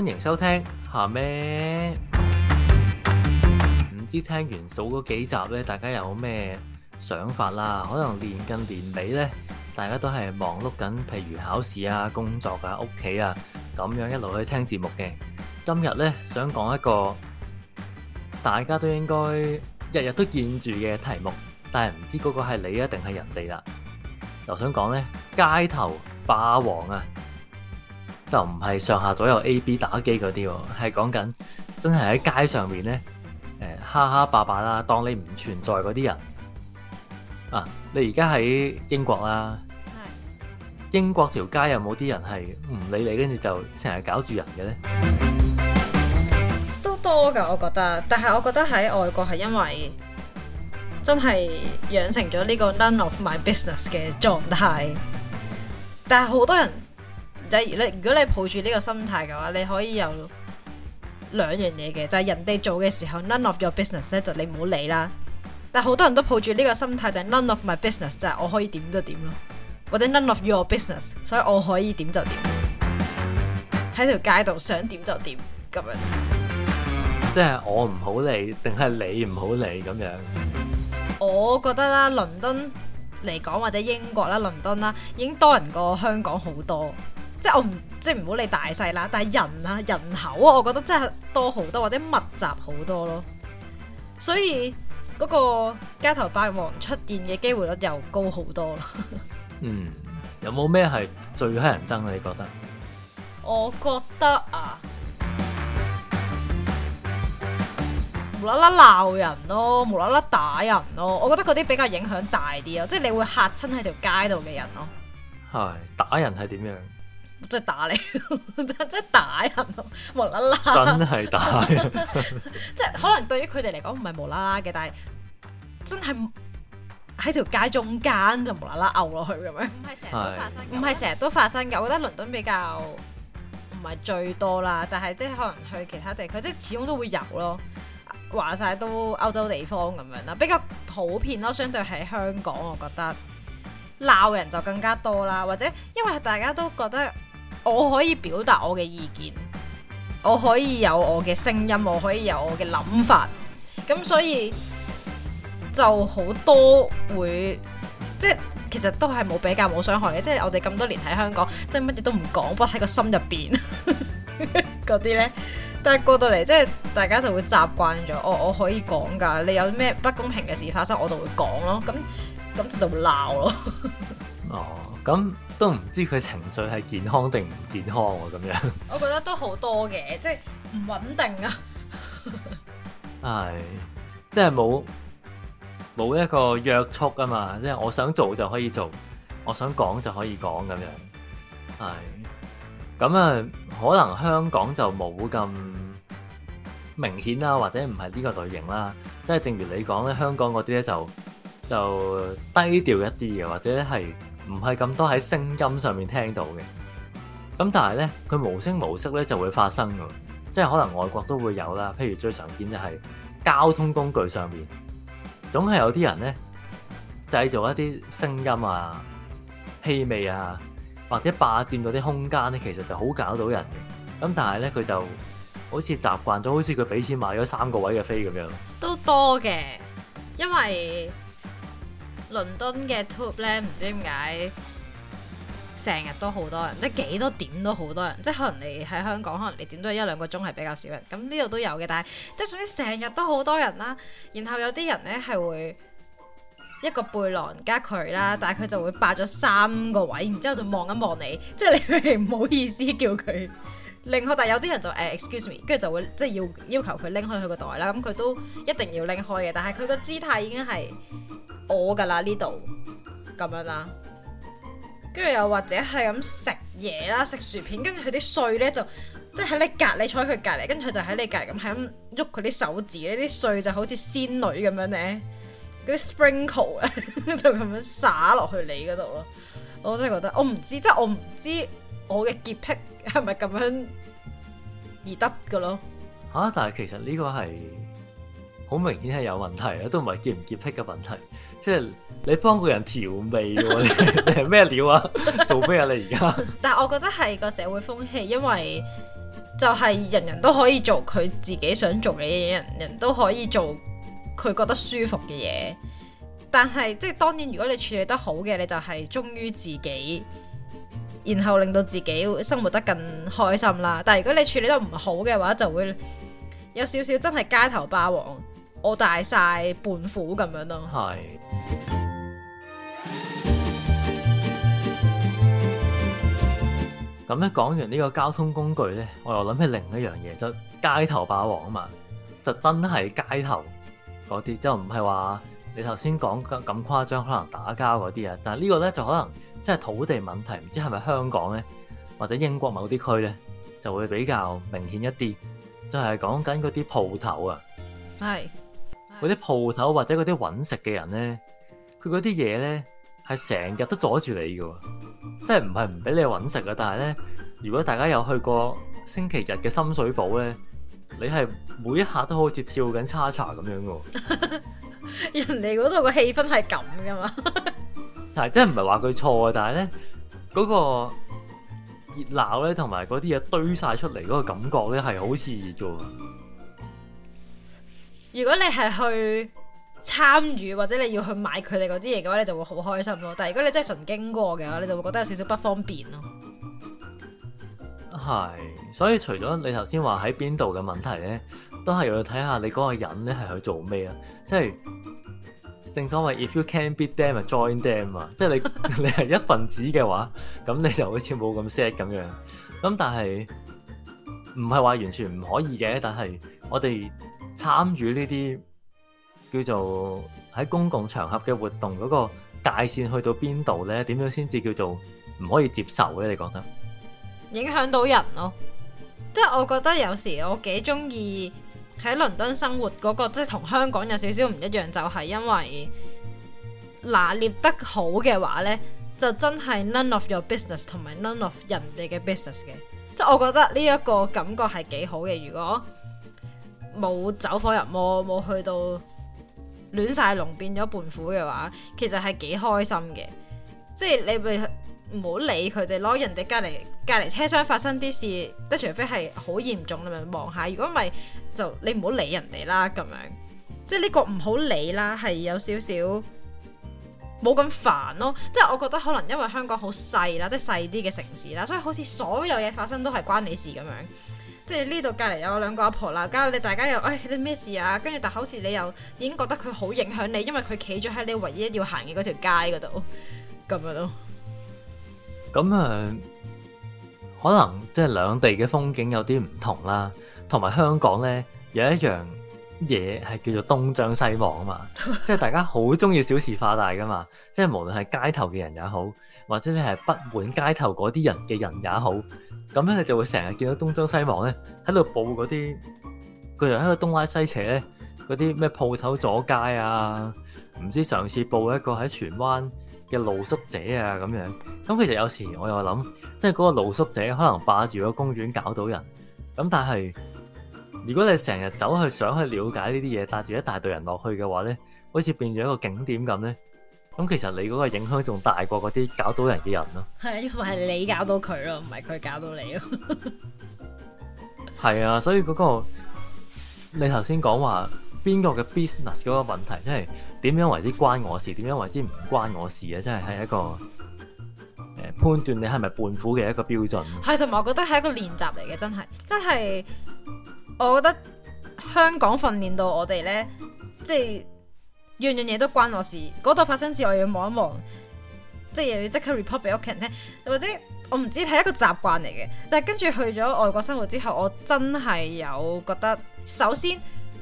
歡迎收聽，下咩？唔知聽完數嗰幾集呢，大家有咩想法啦？可能年近年尾呢，大家都係忙碌緊，譬如考試啊、工作啊、屋企啊咁樣一路去聽節目嘅。今日呢想講一個大家都應該日日都見住嘅題目，但係唔知嗰個係你啊定係人哋啦，就想講呢，街頭霸王啊！就唔係上下左右 A、B 打機嗰啲喎，係講緊真係喺街上面呢，誒，哈哈霸霸啦，當你唔存在嗰啲人啊，你而家喺英國啦，英國條街有冇啲人係唔理你，跟住就成日搞住人嘅呢？都多㗎，我覺得，但係我覺得喺外國係因為真係養成咗呢個 None of my business 嘅狀態，但係好多人。如果你抱住呢個心態嘅話，你可以有兩樣嘢嘅，就係人哋做嘅時候 none of your business 咧，就你唔好理啦。但好多人都抱住呢個心態，就係 none of my business，就係我可以點都點咯，或者 none of your business，所以我可以點就點喺條街度想點就點咁樣。即係我唔好理，定係你唔好理咁樣？我覺得啦，倫敦嚟講或者英國啦，倫敦啦已經多人過香港好多。即係我唔即係唔好理大細啦，但係人啊人口啊，我覺得真係多好多或者密集好多咯，所以嗰個街頭霸王出現嘅機會率又高好多咯。嗯，有冇咩係最乞人憎啊？你覺得？我覺得啊，無啦啦鬧人咯，無啦啦打人咯，我覺得嗰啲比較影響大啲咯，即係你會吓親喺條街度嘅人咯。係打人係點樣？即係打你，即係打人，無啦啦。真係打人。即係 可能對於佢哋嚟講唔係無啦啦嘅，但係真係喺條街中間就無啦啦毆落去咁樣。唔係成日都發生嘅。唔係成日都發生嘅，我覺得倫敦比較唔係最多啦，但係即係可能去其他地區，即係始終都會有咯。話晒都歐洲地方咁樣啦，比較普遍咯，相對喺香港，我覺得鬧人就更加多啦，或者因為大家都覺得。我可以表達我嘅意見，我可以有我嘅聲音，我可以有我嘅諗法，咁所以就好多會，即係其實都係冇比較冇傷害嘅，即係我哋咁多年喺香港，即係乜嘢都唔講，不喺個心入邊嗰啲呢。但係過到嚟即係大家就會習慣咗，我我可以講噶，你有咩不公平嘅事發生，我就會講咯，咁咁就就會鬧咯哦，哦咁。都唔知佢情緒係健康定唔健康喎，咁樣。我覺得都好多嘅，即係唔穩定啊。係、 哎，即係冇冇一個約束啊嘛，即係我想做就可以做，我想講就可以講咁樣。係、哎，咁啊，可能香港就冇咁明顯啦，或者唔係呢個類型啦。即係正如你講咧，香港嗰啲咧就就低調一啲嘅，或者咧係。唔係咁多喺聲音上面聽到嘅，咁但係咧佢無聲無息咧就會發生㗎，即係可能外國都會有啦。譬如最常見就係交通工具上面，總係有啲人咧製造一啲聲音啊、氣味啊，或者霸佔到啲空間咧，其實就好搞到人嘅。咁但係咧佢就好似習慣咗，好似佢俾錢買咗三個位嘅飛咁樣。都多嘅，因為。倫敦嘅 tube 咧，唔知點解成日都好多人，即係幾多點都好多人，即係可能你喺香港，可能你點都一兩個鐘係比較少人。咁呢度都有嘅，但係即係總之成日都好多人啦、啊。然後有啲人咧係會一個背囊加佢啦，但係佢就會霸咗三個位，然之後就望一望你，即係你係唔好意思叫佢。 拎開，但有啲人就誒、哎、excuse me，跟住就會即係、就是、要要求佢拎開佢個袋啦，咁佢都一定要拎開嘅。但係佢個姿態已經係我噶啦呢度咁樣啦。跟住又或者係咁食嘢啦，食薯片，跟住佢啲碎呢，就即喺、就是、你隔，你坐佢隔離，跟住佢就喺你隔離咁喺咁喐佢啲手指，呢啲碎就好似仙女咁樣呢，嗰啲 sprinkle 就咁樣灑落去你嗰度咯。我真係覺得我唔知，即、就、係、是、我唔知。我嘅潔癖係咪咁樣而得㗎囉？嚇、啊！但係其實呢個係好明顯係有問題啊，都唔係潔唔潔癖嘅問題，即係你幫個人調味喎， 你係咩料啊？ 做咩啊？你而家？但係我覺得係個社會風氣，因為就係人人都可以做佢自己想做嘅嘢，人人都可以做佢覺得舒服嘅嘢。但係即係當然，如果你處理得好嘅，你就係忠於自己。然後令到自己生活得更開心啦，但係如果你處理得唔好嘅話，就會有少少真係街頭霸王，我大晒半虎咁樣咯。係。咁咧講完呢個交通工具呢，我又諗起另一樣嘢，就街頭霸王啊嘛，就真係街頭嗰啲，就唔係話你頭先講咁誇張，可能打交嗰啲啊，但係呢個呢，就可能。即係土地問題，唔知係咪香港咧，或者英國某啲區咧，就會比較明顯一啲。就係講緊嗰啲鋪頭啊，係嗰啲鋪頭或者嗰啲揾食嘅人咧，佢嗰啲嘢咧係成日都阻住你㗎喎。即係唔係唔俾你揾食啊？但係咧，如果大家有去過星期日嘅深水埗咧，你係每一下都好似跳緊叉叉咁樣喎。 人哋嗰度個氣氛係咁㗎嘛。 即真係唔係話佢錯啊，但係呢嗰、嗰個熱鬧呢同埋嗰啲嘢堆晒出嚟嗰個感覺呢係好似熱噶。如果你係去參與或者你要去買佢哋嗰啲嘢嘅話，你就會好開心咯。但係如果你真係純經過嘅話，你就會覺得有少少不方便咯。係，所以除咗你頭先話喺邊度嘅問題呢，都係要睇下你嗰個人呢係去做咩啦，即係。正所謂 If you can beat them, join them 啊，即係你你係一份子嘅話，咁 你就好似冇咁 sad 咁樣。咁但係唔係話完全唔可以嘅，但係我哋參與呢啲叫做喺公共場合嘅活動嗰個界線去到邊度咧？點樣先至叫做唔可以接受咧？你覺得影響到人咯？即係我覺得有時我幾中意。喺倫敦生活嗰個即係同香港有少少唔一樣，就係因為拿捏得好嘅話呢，就真係 none of your business 同埋 none of 人哋嘅 business 嘅，即係我覺得呢一個感覺係幾好嘅。如果冇走火入魔，冇去到亂晒龍變咗伴虎嘅話，其實係幾開心嘅。即係你咪～唔好理佢哋咯，人哋隔離隔離車廂發生啲事，即係除非係好嚴重，你咪望下。如果唔係就你唔好理人哋啦。咁樣即係呢個唔好理啦，係有少少冇咁煩咯。即係我覺得可能因為香港好細啦，即係細啲嘅城市啦，所以好似所有嘢發生都係關你事咁樣。即係呢度隔離有兩個阿婆鬧交，你大家又唉你咩事啊？跟住但好似你又已經覺得佢好影響你，因為佢企咗喺你唯一要行嘅嗰條街嗰度咁樣咯。咁誒，可能即係兩地嘅風景有啲唔同啦，同埋香港咧有一樣嘢係叫做東張西望啊嘛， 嘛，即係大家好鍾意小事化大㗎嘛，即係無論係街頭嘅人也好，或者你係北門街頭嗰啲人嘅人也好，咁樣你就會成日見到東張西望咧，喺度報嗰啲，佢又喺度東拉西扯咧，嗰啲咩鋪頭阻街啊，唔知上次報一個喺荃灣，嘅露宿者啊，咁樣咁其實有時我又諗，即係嗰個露宿者可能霸住個公園搞到人，咁但係如果你成日走去想去了解呢啲嘢，帶住一大堆人落去嘅話咧，好似變咗一個景點咁咧。咁其實你嗰個影響仲大過嗰啲搞到人嘅人咯。係啊，因為你搞到佢咯，唔係佢搞到你咯。係 啊，所以嗰、嗰個你頭先講話，邊個嘅 business 嗰個問題，即係點樣為之關我事，點樣為之唔關我事啊？真係係一個、呃、判斷你係咪半腐嘅一個標準。係，同埋我覺得係一個練習嚟嘅，真係真係我覺得香港訓練到我哋呢，即係樣樣嘢都關我事，嗰度發生事我要望一望，即係又要即刻 report 俾屋企人聽，或者我唔知係一個習慣嚟嘅。但係跟住去咗外國生活之後，我真係有覺得首先。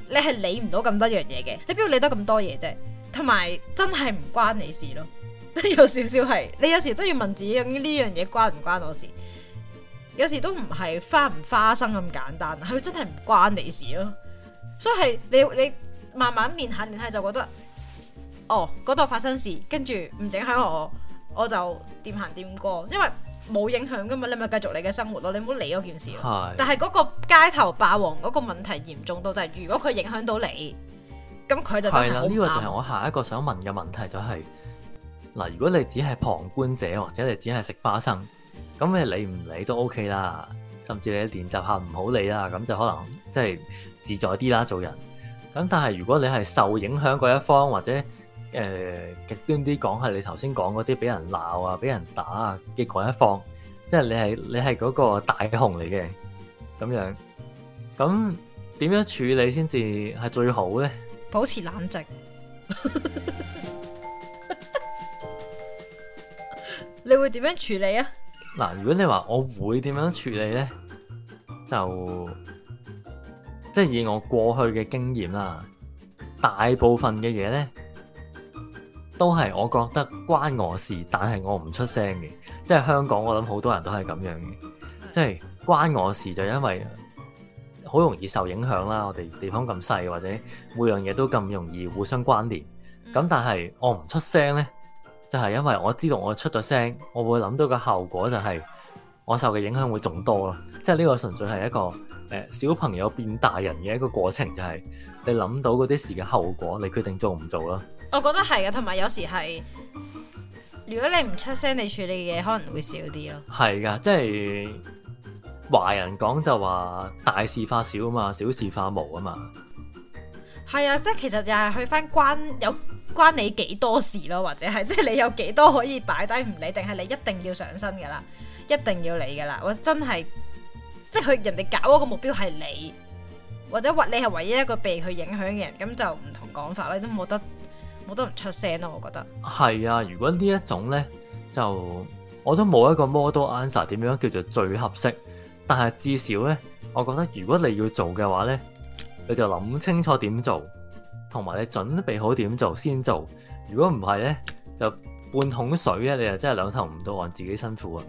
你係理唔到咁多樣嘢嘅，你邊會理得咁多嘢啫？同埋真係唔關你事咯，即係有少少係，你有時真係要問自己呢樣嘢關唔關我事？有時都唔係花唔花生咁簡單，係真係唔關你事咯。所以係你你慢慢練下練下就覺得，哦，嗰度發生事，跟住唔整喺我，我就掂行掂過，因為。冇影響㗎嘛？你咪繼續你嘅生活咯，你唔好理嗰件事咯。係，但係嗰個街頭霸王嗰個問題嚴重到，就係如果佢影響到你，咁佢就真係好。係啦，呢個就係我下一個想問嘅問題，就係嗱，如果你只係旁觀者或者你只係食花生，咁你理唔理都 OK 啦。甚至你練習下唔好理啦，咁就可能即係自在啲啦做人。咁但係如果你係受影響嗰一方或者，誒，呃、極端啲講係你頭先講嗰啲俾人鬧啊、俾人打啊嘅嗰一方，即係你係你係嗰個大雄嚟嘅，咁樣咁點樣處理先至係最好咧？保持冷靜， 你會點樣處理啊？嗱，如果你話我會點樣處理咧，就即係以我過去嘅經驗啦，大部分嘅嘢咧。都係，我覺得關我事，但係我唔出聲嘅。即係香港，我諗好多人都係咁樣嘅。即係關我事，就因為好容易受影響啦。我哋地方咁細，或者每樣嘢都咁容易互相關聯。咁但係我唔出聲呢，就係、是、因為我知道我出咗聲，我會諗到個效果就係我受嘅影響會仲多啦。即係呢個純粹係一個、呃、小朋友變大人嘅一個過程，就係、是、你諗到嗰啲事嘅後果，你決定做唔做囉。我覺得係啊，同埋有時係如果你唔出聲，你處理嘅嘢可能會少啲咯。係噶，即係華人講就話大事化小啊嘛，小事化無啊嘛。係啊，即係其實就係去翻關有關你幾多事咯，或者係即係你有幾多可以擺低唔理，定係你一定要上身嘅啦，一定要理嘅啦，我真係即係佢人哋搞嗰個目標係你，或者話你係唯一一個被佢影響嘅人，咁就唔同講法啦，你都冇得。我都唔出聲咯，我覺得係啊。如果呢一種呢，就我都冇一個 model answer 點樣叫做最合適。但係至少呢，我覺得如果你要做嘅話呢，你就諗清楚點做，同埋你準備好點做先做。如果唔係呢，就半桶水啊！你就真係兩頭唔到岸，自己辛苦啊！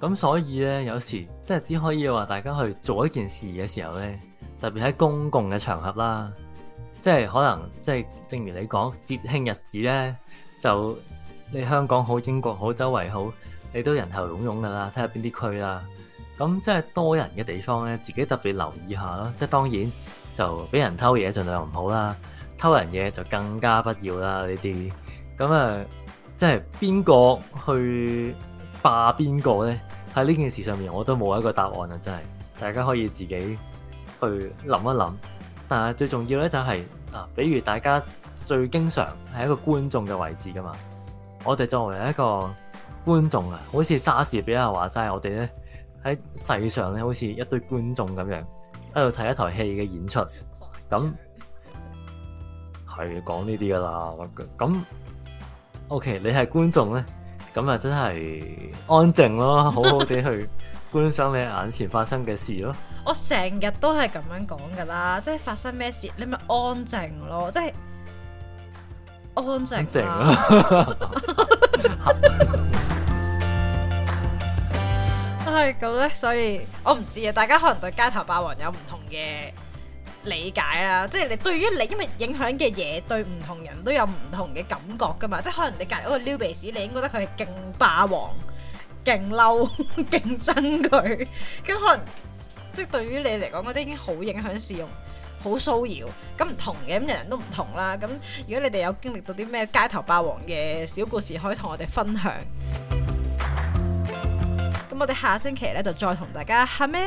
咁所以咧，有時即係只可以話大家去做一件事嘅時候咧，特別喺公共嘅場合啦，即係可能即係正如你講節慶日子咧，就你香港好、英國好、周圍好，你都人頭湧湧噶啦，睇下邊啲區啦。咁即係多人嘅地方咧，自己特別留意下啦。即係當然就俾人偷嘢，儘量唔好啦。偷人嘢就更加不要啦呢啲。咁啊，即係邊個去？霸邊個呢？喺呢件事上面，我都冇一個答案啊！真係，大家可以自己去諗一諗。但係最重要呢，就係、是、啊，比如大家最經常係一個觀眾嘅位置噶嘛。我哋作為一個觀眾啊，好似莎士比亞話齋，我哋呢喺世上呢，好似一堆觀眾咁樣喺度睇一台戲嘅演出。咁係講呢啲噶啦。咁 OK，你係觀眾呢？咁啊，就真係安靜咯，好好地去觀賞你眼前發生嘅事咯。 我成日都係咁樣講噶啦，即係發生咩事，你咪安靜咯，即係安靜啊！係，咁咧，所以我唔知啊，大家可能對《街頭霸王》有唔同嘅，理解啦，啊，即係你對於你因為影響嘅嘢，對唔同人都有唔同嘅感覺噶嘛。即係可能你隔離嗰個撩鼻屎，你應該覺得佢係勁霸王、勁嬲、勁憎佢。跟可能即係對於你嚟講嗰啲已經好影響市容、好騷擾。咁唔同嘅咁，人人都唔同啦。咁如果你哋有經歷到啲咩街頭霸王嘅小故事，可以同我哋分享。咁我哋下星期咧就再同大家嚇咩？